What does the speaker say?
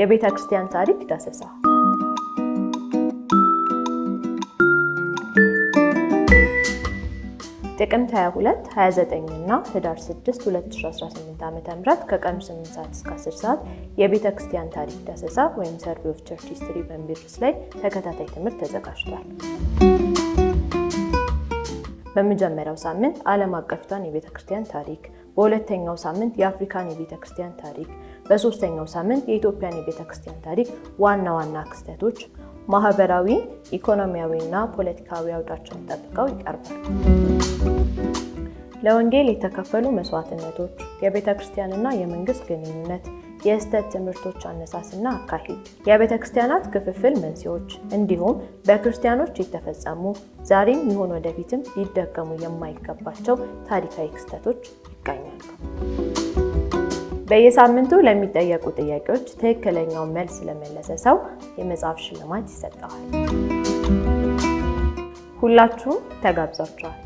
የቤተ ክርስቲያን ታሪክ ዳሰሳ ጥቅምት 22 29 እና ህዳር 6 2018 ዓ.ም ከቀኑ 8 ሰዓት እስከ 10 ሰዓት የቤተ ክርስቲያን ታሪክ ዳሰሳ ወይም ሰርቪ ኦፍ ቸርች ሂስትሪ በሚል ርዕስ ላይ ተከታታይ ትምህርት ተዘጋጅቷል። በመጀመሪያው ሳምንት ዓለም አቀፍቷን የቤተ ክርስቲያን ታሪክ፣ በሁለተኛው ሳምንት የአፍሪካን የቤተ ክርስቲያን ታሪክ በሶስተኛው ሳምንት የኢትዮጵያን የቤተ ክርስቲያን ታሪክ ዋና ዋና ክስተቶች ማህበራዊ፣ ኢኮኖሚያዊና ፖለቲካዊ አውዳቸውን ጠብቀው ይቀርባል። ለወንጌል የተከፈሉ መስዋዕትነቶች፣ የቤተ ክርስቲያንና የመንግስት ግንኙነት፣ የስህተት ትምህርቶች አነሳስና አካሄድ፣ የቤተ ክርስቲያናት ክፍፍል መንስኤዎች፣ እንዲሁም በክርስቲያኖች የተፈጸሙ ዛሬም ይሁን ወደፊትም ሊደገሙ የማይገባቸው ታሪካዊ ክስተቶች ይገኛሉ። በየሳምንቱ ለሚጠየቁ ጥያቄዎች ትክክለኛው መልስ ለመለሰ ሰው የመጽሐፍ ሽልማት ይሰጠዋል። ሁላችሁም ተጋብዛችኋል።